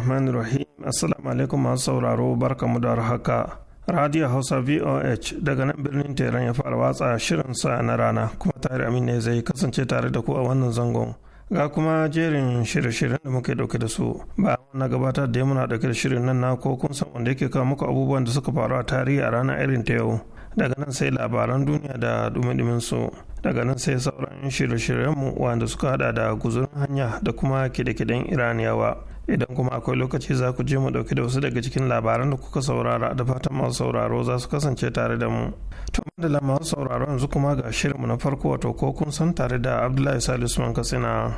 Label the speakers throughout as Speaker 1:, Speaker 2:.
Speaker 1: rahman rahim assalamu alaikum masu sauraro mu da haka radio hausa voh daga nan birnin teran ya fara watsa shirin sa na rana kuma tare amin ne zai kasance tare da ku a wannan zangon ga kuma jerin shirye-shiryen da muke dauke da su ba na gabatar da muna dauke da shirin nan na ko kun san wanda yake kawo muku abubuwan da suka faru a tarihi a rana irin ta yau daga nan sai labaran duniya da dumi su daga nan sai sauran shirye-shiryenmu wanda suka hada da guzurin hanya da kuma kide-kiden iraniyawa idan kuma akwai lokaci za ku je mu dauki da wasu daga cikin labaran da kuka saurara da fatan masu sauraro za su kasance tare da mu to da masu sauraro yanzu kuma ga shirinmu na farko wato ko kun san tare da abdullahi salisu man katsina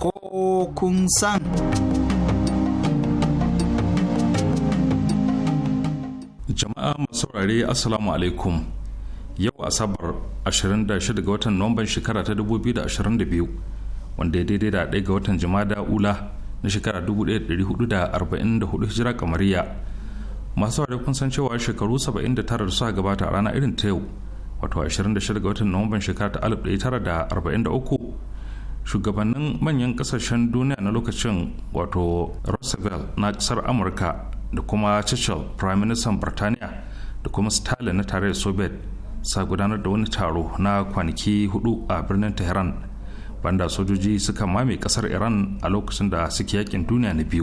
Speaker 2: ko kun san
Speaker 3: jama'a masu saurare assalamu alaikum yau asabar 26 ga watan nomban shekara ta 2022 wanda ya daidai da daya ga watan jimada ula na shekara 1444 hijira kamariya masu ware kun san cewa shekaru 79 da suka gabata a rana irin ta yau wato 26 ga watan nomban shekara ta 1943 shugabannin manyan kasashen duniya na lokacin wato roosevelt na kasar amurka da kuma churchill prime minister birtaniya da kuma stalin na tarayyar soviet sa gudanar da wani taro na kwanaki hudu a birnin tehran banda sojoji suka mame kasar iran a lokacin da suke yakin duniya na biyu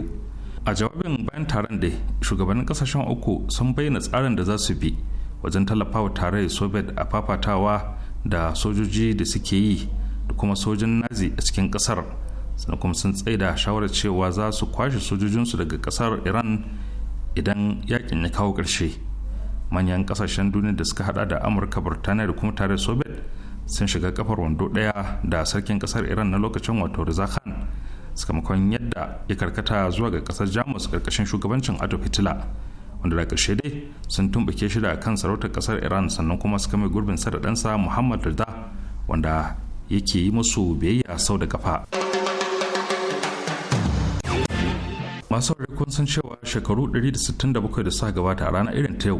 Speaker 3: a jawabin bayan taron da shugabannin kasashen uku sun bayyana tsarin da za su bi wajen tallafawa tarayyar soviet a fafatawa da sojoji da suke yi da kuma sojin nazi a cikin kasar sannan kuma sun tsaida shawarar cewa za su kwashe sojojinsu daga kasar iran idan yakin ya kawo ƙarshe manyan kasashen duniya da suka hada da amurka birtaniya da kuma tare soviet sun shiga kafar wando daya da sarkin kasar iran na lokacin wato riza khan sakamakon yadda ya karkata zuwa ga kasar jamus karkashin shugabancin adolf hitler wanda da karshe dai sun tumbuke shi da kan sarautar kasar iran sannan kuma suka mai gurbin sa da ɗansa muhammad rida wanda yake yi musu biyayya sau da kafa masu kun san cewa shekaru 167 da suka gabata a ranar irin ta yau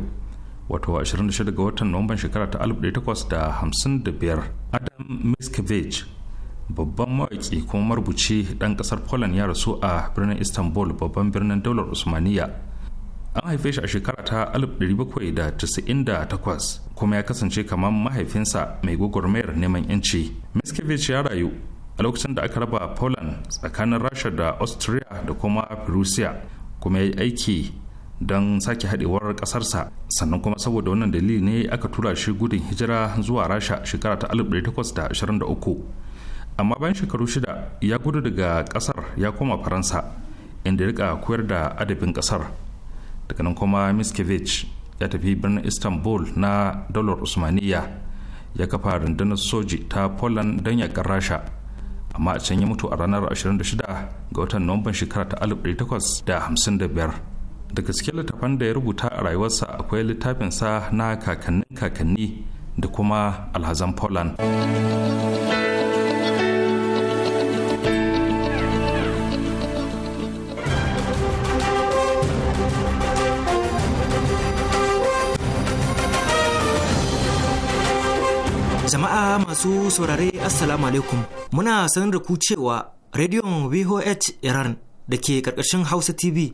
Speaker 3: wato 26 ga watan nuwamban shekara ta 1855 adam miskevich babban mawaƙi kuma marubuci ɗan ƙasar poland ya rasu a birnin istanbul babban birnin daular usmaniya an haife shi a shekara ta 1798 kuma ya kasance kamar mahaifinsa mai gwagwarmayar neman yanci miskevich ya rayu a lokacin da aka raba poland tsakanin rasha da austria da kuma prussia kuma ya yi aiki don sake haɗewar ƙasarsa sannan kuma saboda wannan dalili ne aka tura shi gudun hijira zuwa rasha shekara ta 1823 amma bayan shekaru shida ya gudu daga ƙasar ya koma faransa inda rika koyar da adabin ƙasar daga nan kuma miskevich ya tafi birnin istanbul na daular usmaniya ya kafa rundunar soji ta poland don yakan rasha amma a can ya mutu a ranar 26 ga watan nuwamban shekara ta 1855 da gaske littafan da ya rubuta a rayuwarsa akwai littafinsa na kakannin kakanni da kuma alhazan poland jama'a masu saurare assalamu alaikum muna sanar da ku cewa rediyon voh iran da ke karkashin hausa tv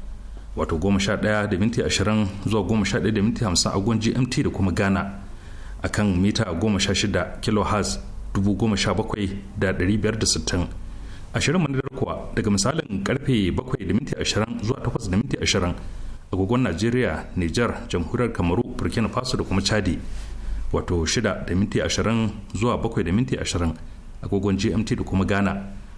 Speaker 3: wato 11 da minti ashirin zuwa 11 da minti 50 agon gmt da kuma ghana a kan mita 16 kilohertz 17,560 ashirin manadar kuwa daga misalin karfe bakwai da minti ashirin zuwa takwas da minti agogon najeriya niger jamhuriyar kamaru burkina faso da kuma chadi wato shida da minti ashirin zuwa bakwai da minti agogon gmt da kuma ghana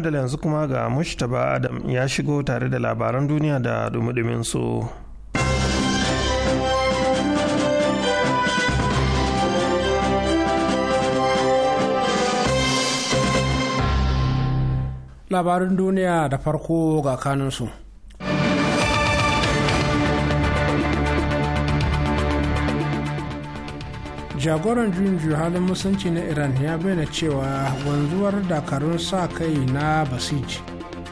Speaker 3: da
Speaker 1: yanzu kuma ga mushtaba adam ya shigo tare da labaran duniya da dumudumin su
Speaker 4: labarin duniya da farko ga kanunsu jagoran juyin halin musanci na iran ya bayyana cewa wanzuwar dakarun sa kai na basij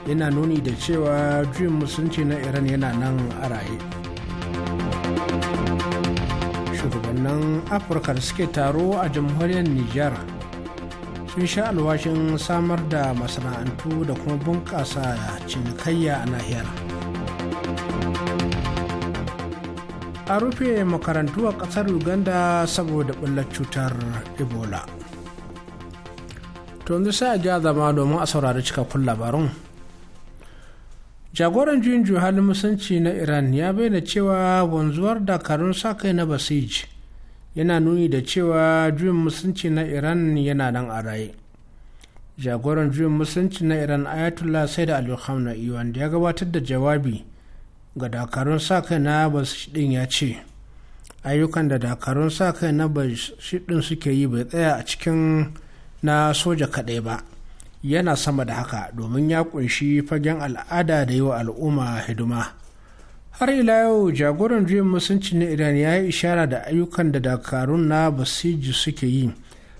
Speaker 4: yana nuni da cewa juyin musanci na iran yana nan a raye shugabannin afirka da suke taro a jamhuriyar niger sun sha alwashin samar da masana'antu da kuma bunƙasa cinikayya a nahiyar a rufe makarantu a ƙasar uganda saboda ɓullar cutar ebola to yanzu sai a ja zama domin a saurari cikakkun labarun jagoran juyin halin musanci na iran ya bayyana cewa wanzuwar dakarun sa kai na basij yana nuni da cewa juyin musanci na iran yana nan a raye jagoran juyin musanci na iran ayatollah sai da alhamna wanda ya gabatar da jawabi ga dakarun sa-kai na din ya ce ayyukan da dakarun sa-kai na din suke yi bai tsaya a cikin na soja kaɗai ba yana sama da haka domin ya kunshi fagen al'ada da yi wa al'umma hidima har ila yau jagoran juyin musulunci na iran ya yi ishara da ayyukan da dakarun na basiji suke yi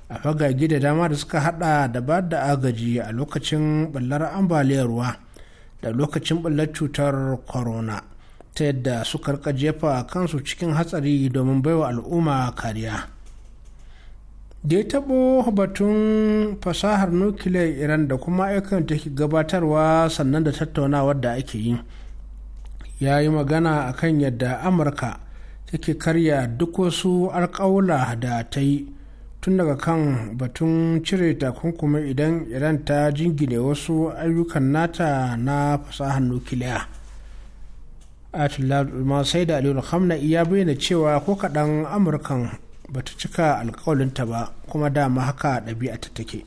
Speaker 4: a fagage da dama da suka hada da ba da agaji a lokacin ɓallar ambaliyar ruwa da lokacin ɓullar cutar corona ta yadda suka rika jefa kansu cikin hatsari domin baiwa al'umma kariya da ya taɓo batun fasahar nukiliyar iran da kuma aikin da ke gabatarwa sannan da tattaunawar da ake yi ya yi magana a kan yadda amurka take karya duk wasu alƙawula da ta yi tun daga kan batun cire takunkumi idan iran ta jingine wasu ayyukan nata na fasahar nukiliya atulama sai da aliyu hamna ya bayyana cewa ko kaɗan amurkan ba ta cika alkawalinta ba kuma dama haka ɗabi'a ta take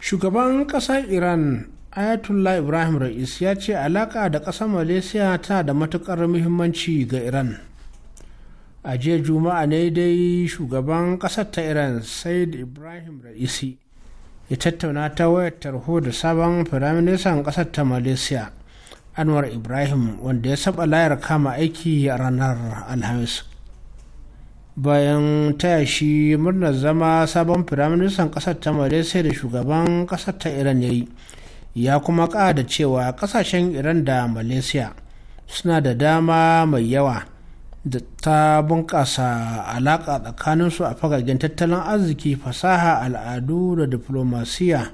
Speaker 4: shugaban ƙasar iran ayatollah ibrahim ra'is ya ce alaƙa da ƙasar malaysia ta da matuƙar muhimmanci ga iran a jiya juma'a ne dai shugaban ƙasar ta iran said ibrahim ra'isi ya tattauna ta wayar tarho da sabon firaministan ƙasar ta malaysia anwar ibrahim wanda ya saba layar kama aiki a ranar alhamis bayan taya shi murnar zama sabon firaministan ƙasar ta malaysia da shugaban ƙasar ta iran ya yi ya kuma ƙada cewa ƙasashen iran da malaysia suna da dama mai yawa da ta bunƙasa alaƙa tsakaninsu a fagagen tattalin arziki fasaha al'adu da diflomasiya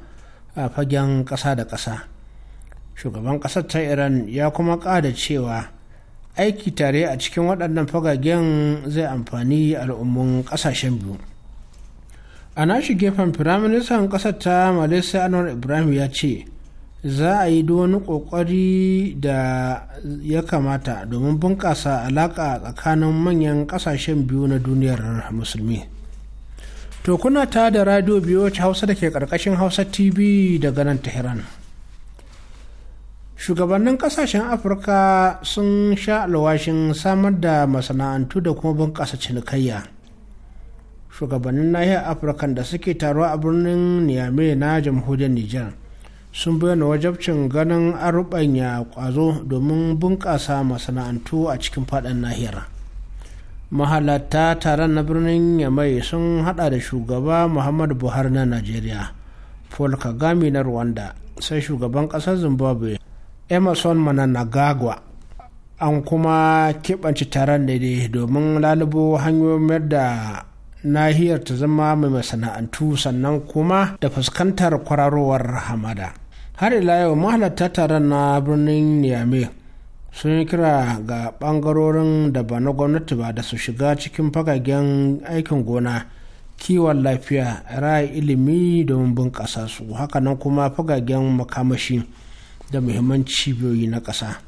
Speaker 4: a fagen ƙasa da ƙasa shugaban ƙasar ta iran ya kuma ƙada cewa aiki tare a cikin waɗannan fagagen zai amfani al'ummun ƙasashen biyu a nashi gefen firaministan ƙasar ta malaysia anwar ibrahim ya ce za a yi da wani ƙoƙari da ya kamata domin bunƙasa alaƙa tsakanin manyan ƙasashen biyu na duniyar musulmi to kuna ta da radio biyu wacce hausa da ke ƙarƙashin hausa tv daga nan tehran shugabannin ƙasashen afirka sun sha alwashin samar da masana'antu da kuma bunƙasa cinikayya shugabannin nahiyar afirka da suke taruwa a birnin niamey na jamhuriyar niger sun bayyana wajabcin ganin an rubanya kwazo domin bunƙasa masana'antu a cikin faɗin nahiyar mahalatta taron na birnin yamai sun hada da shugaba muhammadu buhari na najeriya paul kagame na rwanda sai shugaban ƙasar zimbabwe emerson mananagagwa an kuma keɓance taron da ne domin lalubo hanyoyin mayar da nahiyar ta zama mai masana'antu sannan kuma da fuskantar kwararowar hamada har ila yau mahalarta taron na birnin niamey sun yi kira ga bangarorin da ba na gwamnati ba da su shiga cikin fagagen aikin gona kiwon lafiya ra'ayi ilimi don bunƙasa su hakanan kuma fagagen makamashi da muhimman cibiyoyi na ƙasa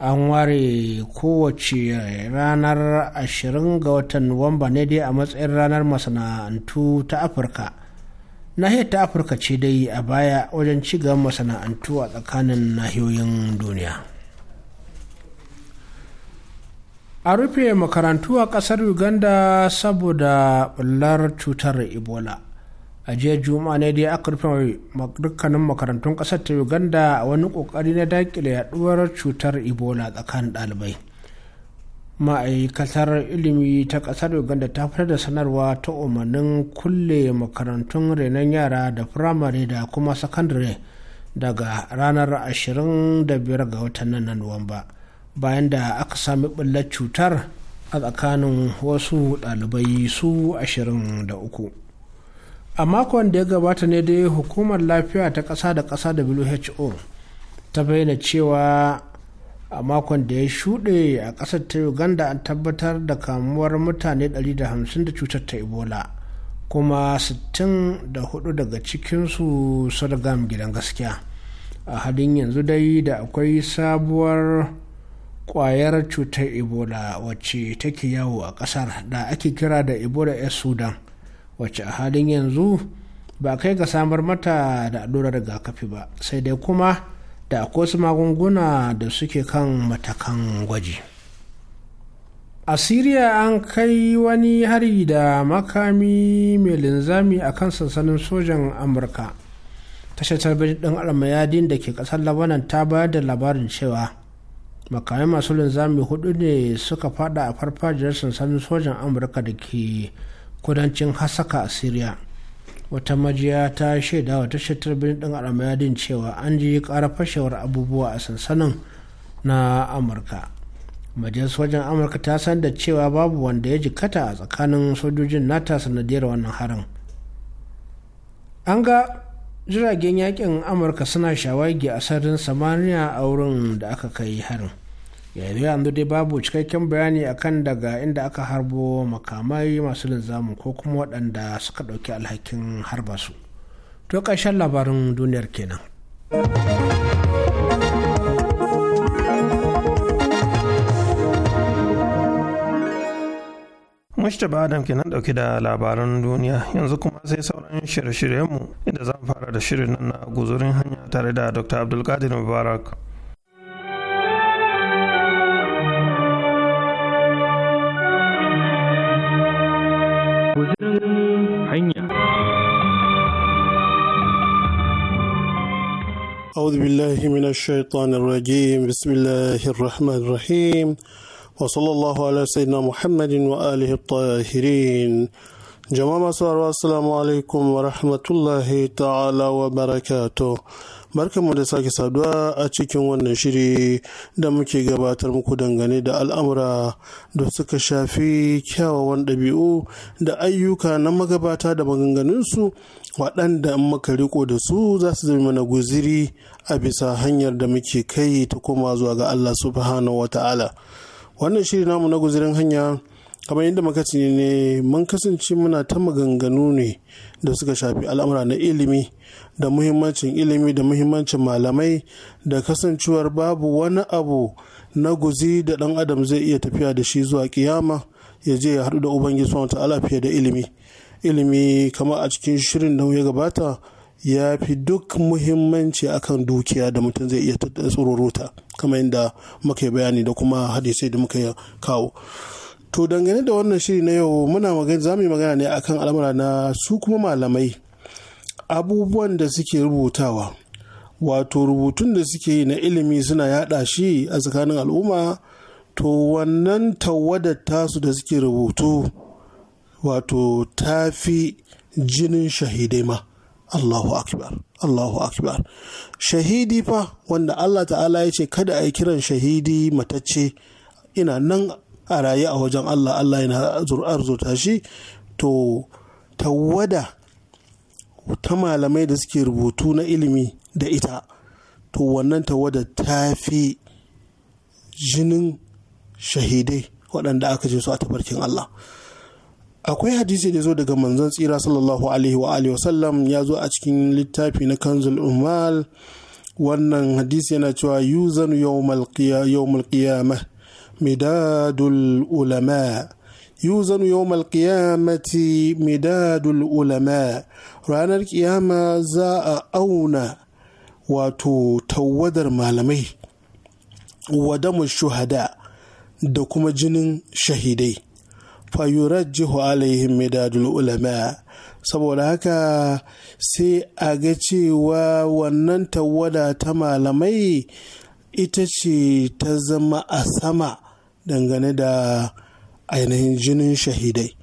Speaker 4: an ware kowace ranar 20 ga watan nuwamba ne dai a matsayin ranar masana'antu ta afirka nahiyar ta afirka ce dai a baya wajen ci gaban masana'antu a tsakanin nahiyoyin duniya a rufe makarantu a kasar uganda saboda bullar cutar ebola a jiya juma'a ne dai aka rufe dukkanin makarantun kasar ta uganda a wani kokari na dakile yaduwar cutar ebola tsakanin ɗalibai ma'aikatar ilimi ta kasar uganda ta fitar da sanarwa ta umarnin kulle makarantun renon yara da firamare da kuma sakandare daga ranar 25 ga watan nan na nuwamba bayan da aka sami ɓullar cutar a tsakanin wasu ɗalibai su 23 a makon da ya gabata ne dai hukumar lafiya ta ƙasa da ƙasa who ta bayyana cewa a makon da ya shuɗe a ƙasar ta uganda an tabbatar da kamuwar mutane 150 da cutar ta ebola kuma 64 daga cikinsu su gidan gaskiya a halin yanzu dai da akwai sabuwar kwayar cutar ebola wacce take yawo a kasar da ake kira da ebola yar sudan wacce a halin yanzu ba kai ga samar mata da allurar rigakafi ba sai dai kuma da akwai wasu magunguna da suke kan matakan gwaji a syria an kai wani hari da makami mai linzami a kan sansanin sojan amurka tashar talbijin ɗin almayadin da ke ƙasar labanan ta bayar da labarin cewa makamai masu linzami hudu ne suka fada a farfajiyar sansanin sojan amurka da ke kudancin hasaka a syria. wata majiya ta shaida wa tashar tarbin din aramayadin cewa an ji kara fashewar abubuwa a sansanin na amurka majalis wajen amurka ta san da cewa babu wanda ya jikata a tsakanin sojojin nata sanadiyar wannan harin an ga jiragen yakin amurka suna shawagi a sararin samaniya a wurin da aka kai harin yanzu yanzu dai babu cikakken bayani akan daga inda aka harbo makamai masu linzamin ko kuma waɗanda suka ɗauki alhakin harba su to ƙarshen labarin duniyar kenan
Speaker 1: Mustapha Adam kenan dauke da labaran duniya yanzu kuma sai sauran shirye-shiryenmu inda zan fara da shirin nan na guzurin hanya tare da Dr. Abdulkadir Mubarak.
Speaker 5: أعوذ بالله من الشيطان الرجيم بسم الله الرحمن الرحيم وصلى الله على سيدنا محمد وآله الطاهرين jama'a masu harawa assalamu alaikum wa rahmatullahi ta'ala wa barakato barkanmu da sake saduwa a cikin wannan shiri da muke gabatar muku dangane da al'amura da suka shafi kyawawan ɗabi'u da ayyuka na magabata da maganganunsu waɗanda in muka riko da su za su zama mana guziri a bisa hanyar da muke kai ta koma zuwa ga allah subhanahu wa ta'ala wannan shiri namu na guzirin hanya kamar yadda muka ce ne mun kasance muna ta maganganu ne da suka shafi al'amura na ilimi da muhimmancin ilimi da muhimmancin malamai da kasancewar babu wani abu na guzi da dan adam zai iya tafiya da shi zuwa kiyama ya je ya haɗu da ubangiji wata alafiya fiye da ilimi ilimi kamar a cikin shirin da ya gabata ya fi duk muhimmanci akan dukiya da mutum zai iya tsororota kamar yadda muka bayani da kuma hadisai da muka kawo to dangane da wannan shiri na yau muna magana za mu yi magana ne akan al'amura na su kuma malamai abubuwan da suke rubutawa wato rubutun da suke yi na ilimi suna yada shi a tsakanin al'umma to wannan tawadar tasu da suke rubutu wato ta fi jinin shahidai ma Allahu akbar Allahu akbar shahidi fa wanda Allah ta'ala ya ce kada a kiran shahidi matacce ina nan a raye a wajen Allah Allah yana arzuta shi to tawada ta malamai da suke rubutu na ilimi da ita to wannan tawada ta fi jinin shahidai waɗanda aka je su a tabarkin Allah akwai hadisi da zo daga manzon tsira sallallahu alaihi wa alihi wasallam ya zo a cikin littafi na kanzul umal wannan hadisi yana cewa yuzanu yawmal qiyamah مداد العلماء يوزن يوم القيامة مداد العلماء ranar ƙiyama za a auna wato tawadar malamai wadamu shuhada da kuma jinin shahidai fayurajjihu alaihim midadul ulama saboda haka sai a ga cewa wannan tawada ta malamai ita ce ta zama a sama dangane da ainihin jinin shahidai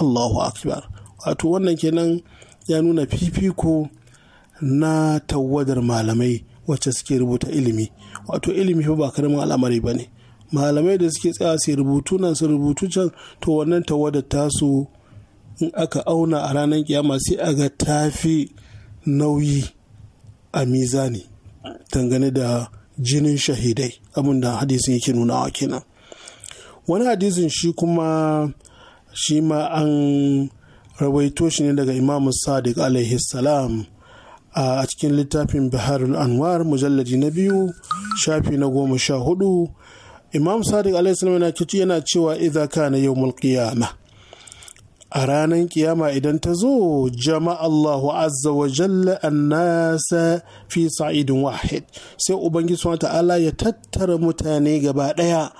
Speaker 5: allahu akbar wato wannan kenan ya nuna fifiko na tawadar malamai wacce suke rubuta ilimi wato ilimi fa ba karamin al'amari ba ne malamai da suke tsaya su rubutu nan su rubutu can to wannan tawadar tasu in aka auna a ranar kiyama sai a ga tafi nauyi a mizani dangane da jinin shahidai abinda hadisin yake nunawa kenan wani hadisin shi kuma shi ma an rawaito shi ne daga Imam sadiq alaihi salam a cikin littafin baharul anwar mujalladi na biyu shafi na goma sha hudu imam sadiq alaihi salam yana cewa idza kana yawmul qiyamah a ranar kiyama idan ta zo jama'a Allahu azza wa jalla annasa fi sa'idin wahid sai ubangiji ta'ala ya tattara mutane gaba daya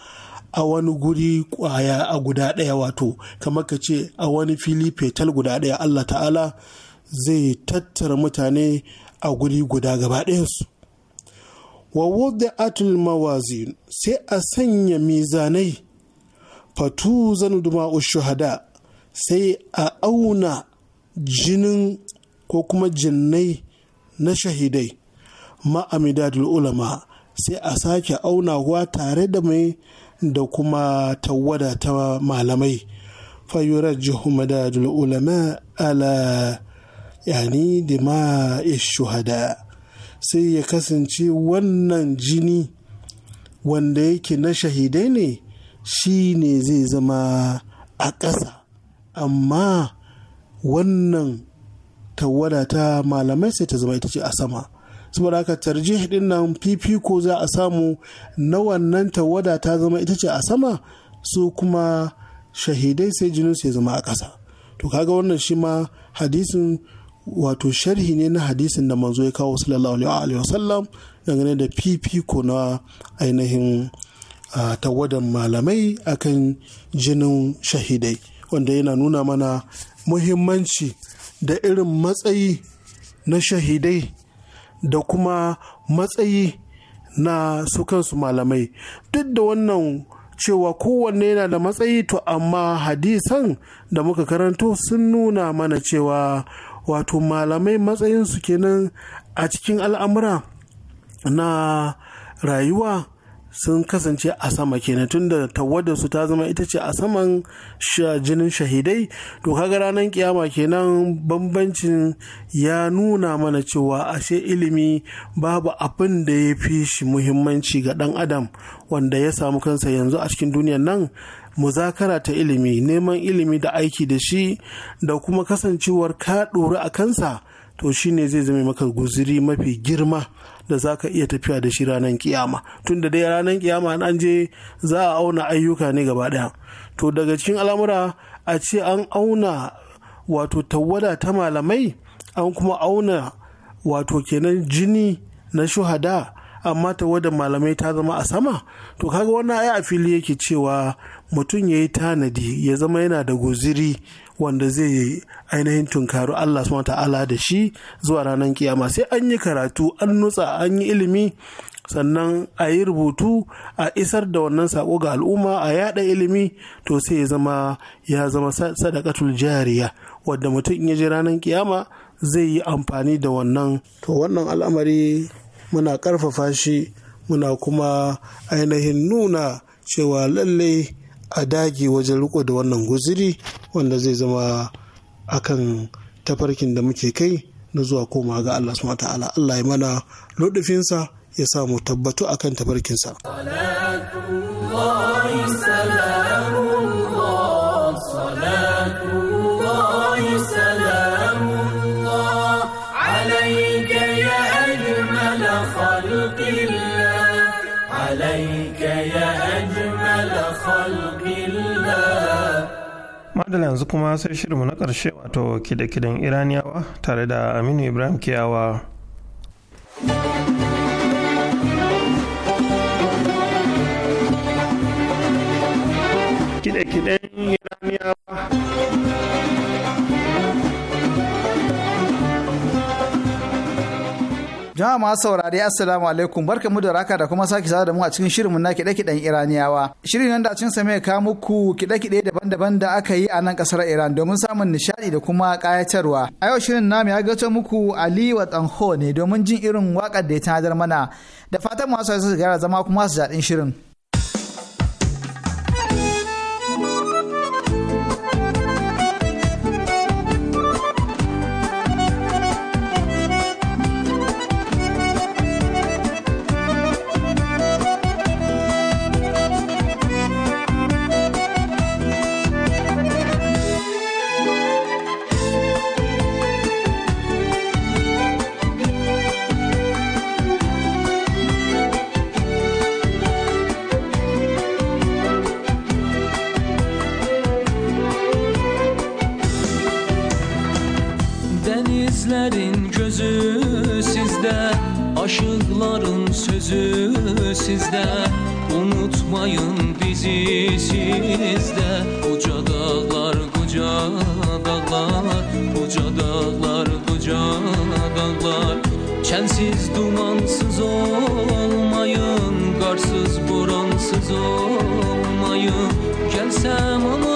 Speaker 5: a wani guri kwaya a guda ɗaya wato kamar ka ce a wani fili fetal guda ɗaya Allah ta'ala zai tattara mutane a guri guda gaba ɗayansu wa atul mawazi sai a sanya mizanai fatu zan shuhada sai a auna jinin ko kuma jinnai na shahidai ma'amidadul ulama sai a sake aunawa tare da mai da kuma tawada ta malamai fayurajjihu madadul ulama ala yani dima'i shuhada sai ya kasance wannan jini wanda yake na shahidai ne shi ne zai zama a ƙasa amma wannan tawada ta malamai sai ta zama ita ce a sama saboda haka tarjih din nan fifiko za a samu na wannan tawada ta zama ita ce a sama su kuma shahidai sai jinin su ya zama a ƙasa to kaga wannan shi ma hadisin wato sharhi ne na hadisin da manzo ya kawo sallallahu alaihi wa sallam dangane da fifiko na ainihin tawadan malamai akan jinin shahidai wanda yana nuna mana muhimmanci da irin matsayi na shahidai da kuma matsayi na su kansu malamai duk da wannan cewa kowanne yana da matsayi to amma hadisan da muka karanto sun nuna mana cewa wato malamai matsayin matsayinsu kenan a cikin al'amura na rayuwa sun kasance a sama kenan tunda tawadda su ta zama ita ce a saman jinin shahidai to kaga ranar kiyama kenan bambancin ya nuna mana cewa ashe ilimi babu abin da ya fi shi muhimmanci ga dan adam wanda ya samu kansa yanzu a cikin duniyar nan muzakara ta ilimi neman ilimi da aiki da shi da kuma kasancewar ka ɗori a kansa to shine zai zama maka guziri mafi girma da za ka iya tafiya da shi ranar kiyama da dai ranar kiyama an je za a auna ayyuka ne gaba daya to daga cikin al'amura a ce an auna wato tawada ta malamai an kuma auna wato kenan jini na shuhada amma tawada malamai ta zama a sama to kaga wannan ai a fili yake cewa mutum ya yi tanadi ya zama yana da guziri wanda zai yi ainihin tunkaru Allah subhanahu ta'ala da shi zuwa ranar kiyama sai an yi karatu an nutsa an yi ilimi sannan a yi rubutu a isar da wannan sako ga al'umma a yada ilimi to sai ya zama ya zama sadakatul jariya wadda mutum ya ji ranar kiyama zai yi amfani da wannan to wannan al'amari muna karfafa shi muna kuma ainihin nuna cewa lallai a dage wajen riko da wannan guziri wanda zai zama akan tafarkin da muke kai na zuwa koma ga Allah subhanahu ta'ala Allah ya mana lodufinsa ya samu tabbatu akan tafarkinsa.
Speaker 1: madala yanzu kuma sai shirinmu na ƙarshe wato kide-kiden iraniyawa tare da aminu ibrahim kiyawa kide-kiden iraniyawa
Speaker 2: ma masu saurari assalamu alaikum barka mu da raka da kuma sake sada da mu a cikin shirinmu na kiɗe-kiɗen iraniyawa shirin nan da cin sa mai ka muku kiɗe-kiɗe daban-daban da aka yi a nan ƙasar iran domin samun nishaɗi da kuma kayatarwa. a yau shirin namu ya gato muku ali wa ne domin jin irin waƙar da ya tanadar mana da fatan masu su gara zama kuma su jaɗin shirin.
Speaker 6: Sensiz dumansız olmayın Qarsız buransız olmayın Gəlsəm ama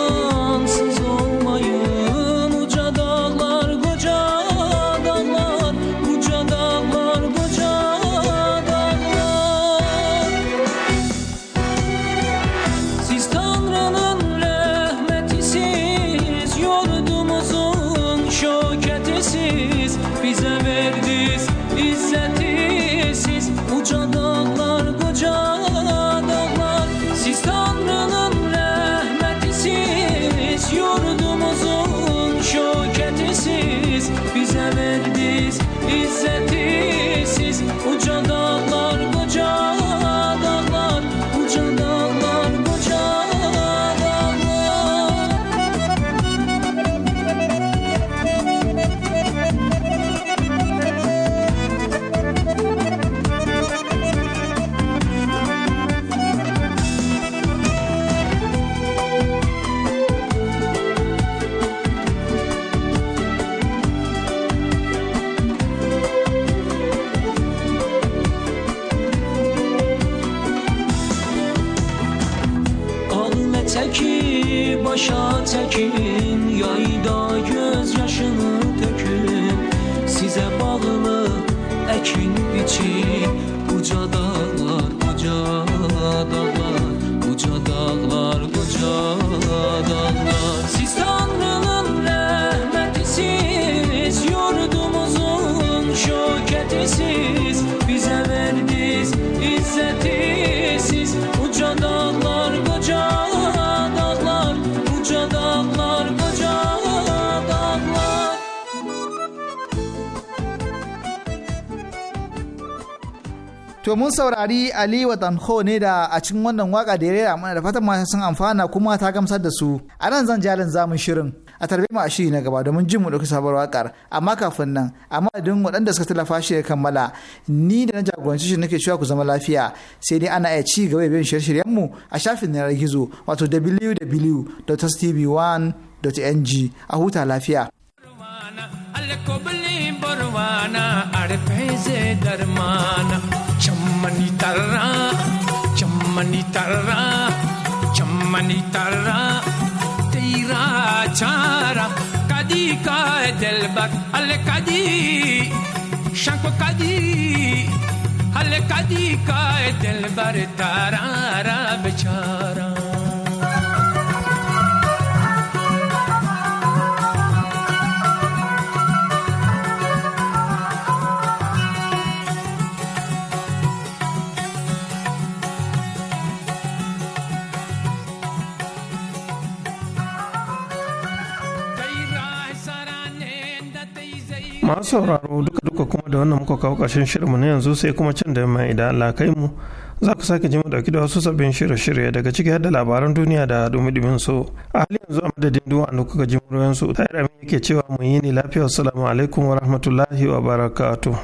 Speaker 2: to mun saurari ali watanho ne da a cikin wannan waka da ya rera mana da fatan mata sun amfana kuma ta gamsar da su a nan zan jalin zamun shirin a tarbe mu a shiri na gaba domin jin mu ɗauki sabuwar wakar amma kafin nan a idan waɗanda suka tallafa shi ya kammala ni da na jagoranci shi nake cewa ku zama lafiya sai dai ana iya ci gaba da bin shirye-shiryen mu a shafin na gizo wato www.tv1.ng a huta lafiya.
Speaker 6: Alkobli barwana arfe darmana chamani tarra chamani tarra chamani tarra teera chara kadi ka dilbar alle kadi shanko kadi alle kadi ka dilbar tarara bechara
Speaker 1: masu sauraro duka duka kuma da wannan muka kawo ƙarshen shirinmu na yanzu sai kuma can da yamma idan Allah kai mu za ku sake ji mu dauki da wasu sabbin shirye-shirye daga ciki har da labaran duniya da dumi-dumin su a halin yanzu a madadin duwa da kuka ji muryoyin su ta yadda yake cewa mun yi ni lafiya assalamu alaikum wa rahmatullahi wa barakatu.